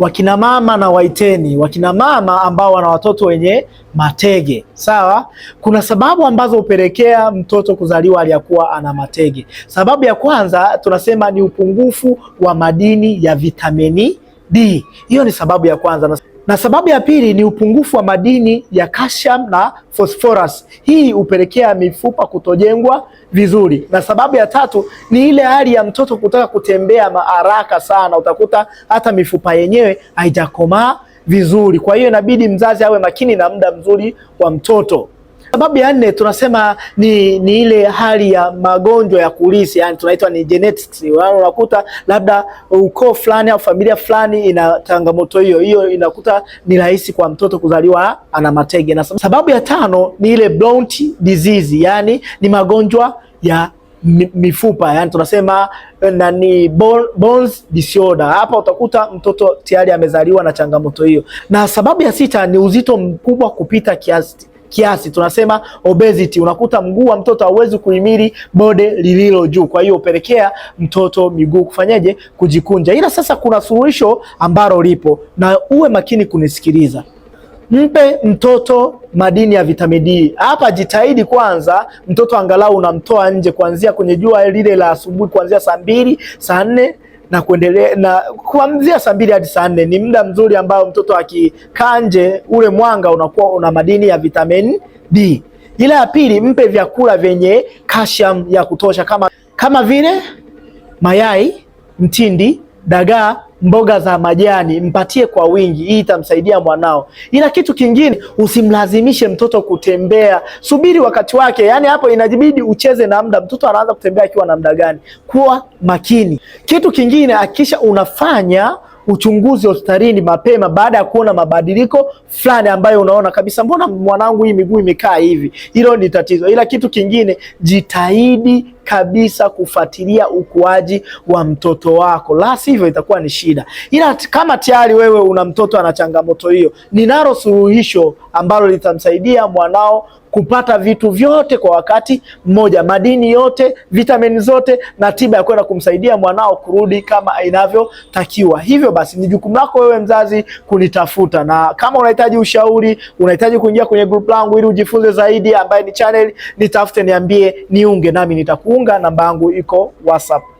wakina mama na waiteni, wakina mama ambao wana watoto wenye matege sawa. Kuna sababu ambazo hupelekea mtoto kuzaliwa aliyakuwa ana matege. Sababu ya kwanza tunasema ni upungufu wa madini ya vitamini D. Hiyo ni sababu ya kwanza na sababu ya pili ni upungufu wa madini ya calcium na phosphorus. Hii hupelekea mifupa kutojengwa vizuri, na sababu ya tatu ni ile hali ya mtoto kutaka kutembea haraka sana, utakuta hata mifupa yenyewe haijakomaa vizuri. Kwa hiyo inabidi mzazi awe makini na muda mzuri wa mtoto. Sababu ya nne tunasema ni, ni ile hali ya magonjwa ya kulisi, yani tunaitwa ni genetics. Unakuta labda ukoo fulani au familia fulani ina changamoto hiyo hiyo, inakuta ni rahisi kwa mtoto kuzaliwa ana matege. Na sababu ya tano ni ile Blount disease, yani ni magonjwa ya mifupa yani tunasema eh, nani bones disorder. Hapa utakuta mtoto tayari amezaliwa na changamoto hiyo. Na sababu ya sita ni uzito mkubwa kupita kiasi kiasi, tunasema obesity. Unakuta mguu wa mtoto hauwezi kuhimili bode lililo juu, kwa hiyo upelekea mtoto miguu kufanyaje, kujikunja. Ila sasa kuna suluhisho ambalo lipo, na uwe makini kunisikiliza. Mpe mtoto madini ya vitamini D. Hapa jitahidi kwanza, mtoto angalau unamtoa nje kuanzia kwenye jua lile la asubuhi, kuanzia saa mbili, saa nne na kuendelea na kuanzia saa mbili hadi saa nne ni muda mzuri ambao mtoto akikaa nje, ule mwanga unakuwa una madini ya vitamin D. Ila ya pili, mpe vyakula vyenye calcium ya kutosha kama, kama vile mayai, mtindi, dagaa mboga za majani mpatie kwa wingi, hii itamsaidia mwanao. Ila kitu kingine, usimlazimishe mtoto kutembea, subiri wakati wake. Yani hapo inajibidi ucheze na muda. Mtoto anaanza kutembea akiwa na muda gani? Kuwa makini. Kitu kingine, hakikisha unafanya uchunguzi hospitalini mapema baada ya kuona mabadiliko fulani ambayo unaona kabisa, mbona mwanangu hii miguu imekaa hivi? Hilo ni tatizo. Ila kitu kingine, jitahidi kabisa kufuatilia ukuaji wa mtoto wako, la sivyo itakuwa ni shida. Ila kama tayari wewe una mtoto ana changamoto hiyo, ninalo suluhisho ambalo litamsaidia mwanao kupata vitu vyote kwa wakati mmoja, madini yote, vitamini zote na tiba ya kwenda kumsaidia mwanao kurudi kama inavyotakiwa. Hivyo basi ni jukumu lako wewe mzazi kunitafuta, na kama unahitaji ushauri, unahitaji kuingia kwenye grupu langu ili ujifunze zaidi, ambaye ni channel, nitafute, niambie, niunge nami nitakuunga kujiunga, namba yangu iko WhatsApp.